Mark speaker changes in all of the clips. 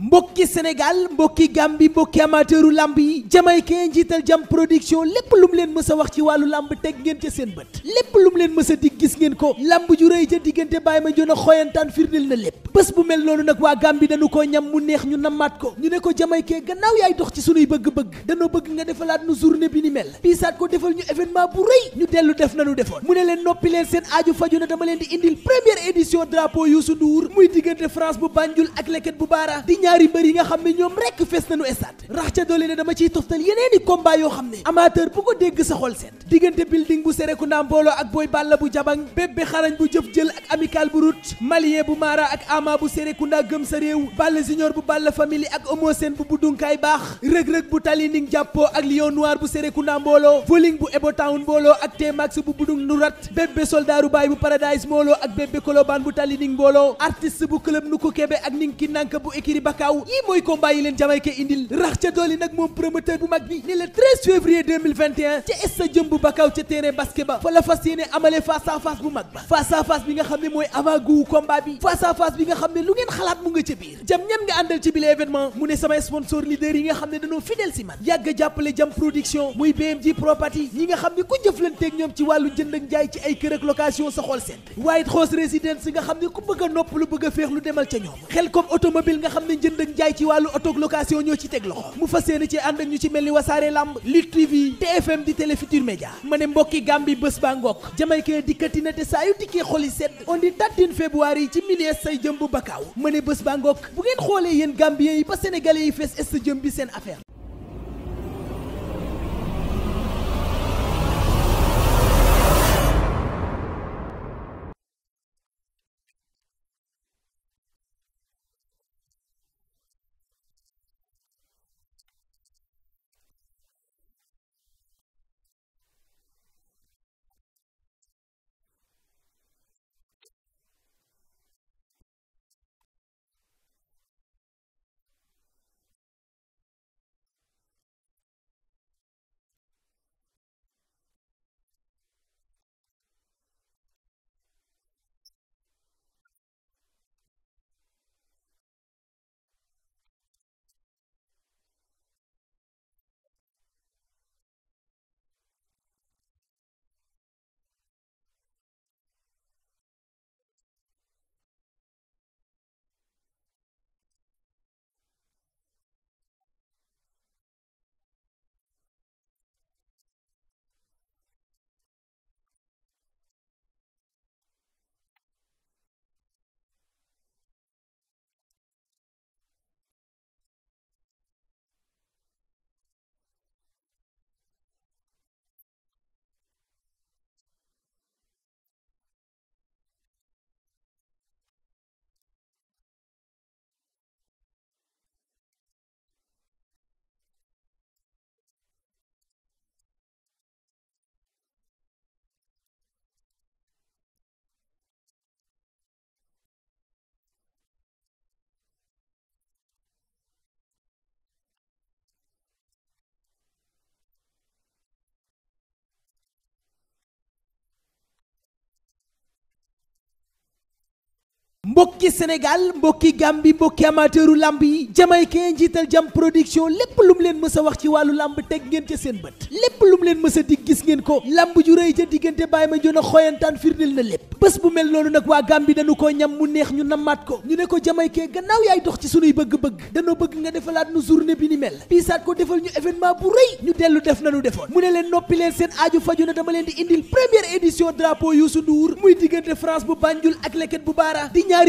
Speaker 1: mbokki sénégal mbokki gambi mbokki amateuru lamb yi jamaykee njiital jam production lépp lum leen mës a wax ci wàllu lamb teg ngeen ca seen bët lépp lum leen mës a dig gis ngeen ko lamb ju rëy ca diggante bàyyi ma njoon a xoyantaan firndil na lépp bés bu mel noonu nag waa gambi dañu ko ñam mu neex ñu namaat ko ñu ne ko jamaykee gannaaw yaay dox ci sunuy bëgg-bëgg danoo bëgg nga defalaat nu journée bi ni mel piisaat ko defal ñu événement bu rëy ñu dellu def nanu defoon mu ne leen noppi leen seen aaju faju na dama leen di indil première édition drapeau ñaari mbër yi nga xam ne ñoom rekk fees nañu estade rax ca doole ne dama ciy toftal yeneeni combat yoo xam ne amateur bu ko dégg sa xol seet diggante building bu Serekunda mbooloo ak Boy Balla bu jabang bébbe xarañ bu jëf jël ak amical bu route malien bu maara ak ama bu Serekunda gëm sa réew Balla junior bu Balla family ak Omo Sène bu buddunkaay baax rëg-rëg bu tali ning jàppo ak lion noir bu Serekunda mbooloo voling bu ebotown mbooloo ak T-Max bu buddung nurat bébbe soldaaru baay bu paradise mbooloo ak bébbe kolobaan bu tali ning mbooloo artiste bu club nu ko kebe ak ning ki nank bu ékiri bakk gaaw yii mooy combat yi leen Jamaïque indil rax ca dooli nag moom promoteur bu mag bi ni le février ca es sa jëmb Bakaaw ca terrain basket fa la fas amale face bu mag ba face bi nga xam ne mooy avant combat bi face bi nga xam ne lu ngeen xalaat mu nga ca biir jam ñan nga àndal ci bile événement mu ne samay sponsor leader yi nga xam ne dañoo fidèle si man yàgg jàppale jam production muy BMG property yi nga xam ne ku jëflanteeg ñoom ci wàllu ci ay jënd ak jaay ci wàllu auto location ñoo ci teg loxo mu fas yéene ci ànd ak ñu ci mel ni wasaare lamb Lutte TV TFM di Télé Futurs ma ne mbokki Gambie bés baa ngokk jamaykee dikkati na te saa yu dikkee xol yi sedd on di tattin février yi ci milieu say jëm bu bakkaaw ma ne bés baa ngokk bu ngeen xoolee yéen Gambiens yi ba Sénégalais yi fees est jëm bi seen affaire mbokki Sénégal mbokki Gambie mbokki amateuru lamb yi jamaïcain njiital jam production lépp lu mu leen mës wax ci wàllu lamb teg ngeen ca seen bët lépp lu leen mës a gis ngeen ko lamb ju rëy ca diggante Baye Mandione xoyantaan firndeel na lépp bés bu mel noonu nag waa Gambie dañu ko ñam mu neex ñu namaat ko ñu ne ko jamaïcain gannaaw yaay dox ci sunuy bëgg-bëgg danoo bëgg nga defalaat nu journée bi ni mel piisaat ko defal ñu événement bu rëy ñu dellu def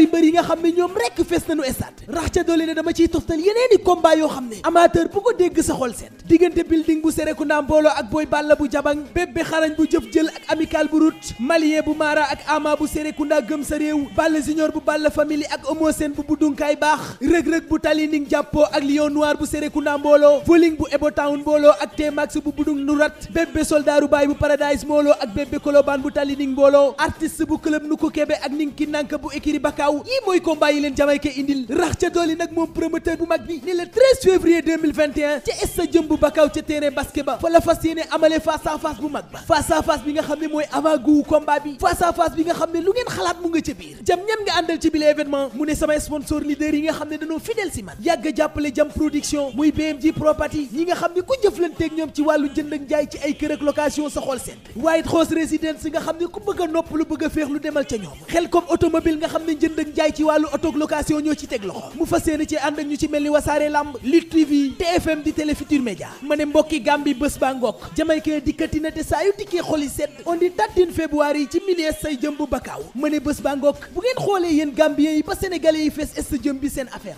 Speaker 1: ñaari mbër yi nga xam ne ñoom rekk fees nañu stade rax ca doole ne dama ciy toftal yeneen combat yoo xam ne amateur bu ko dégg sa xol seet diggante building bu Serekunda mbooloo ak Boy Balla bu jabang bébbe xarañ bu jëf jël ak amical bu rut bu maara ak ama bu Serekunda gëm sa réew Balla junior bu Balla family ak Homo Sène bu buddunkaay baax rëg-rëg bu tali ning jàppoo ak lion noir bu Serekunda mbooloo voling bu Ebo mbooloo ak T-Max bu budung Kaaw yi mooy combat yi leen Jamaïque indil rax ca dooli nag moom promoteur bu mag bi ni le 13 février 2021 ca esta jëmb Bakaaw ca terrain basket fa la fas yéene amale face à bu mag ba face à bi nga xam ne mooy avant goût combat bi face à bi nga xam ne lu ngeen xalaat mu nga ca biir jam ñan nga àndal ci bile événement mu ne samay sponsor leaders yi nga xam ne dañoo fidèle si man yàgg jàppale jam production muy BMG property yi nga xam ne ku jëflanteeg ñoom jënd ak jaay ci wàllu auto location ñoo ci teg loxo mu fas yéene ci ànd ñu ci mel ni wasaare lamb Lutte TV TFM di Télé Futurs Médias ma ne mbokki Gambie bés ba ngokk jamaykee dikkati na te saa yu dikkee xoli sedd on di tattin février yi ci miliers say jëm bu bakkaaw ma ne bés ba ngokk bu ngeen xoolee yéen Gambien yi ba Sénégalais yi fees est bi seen affaire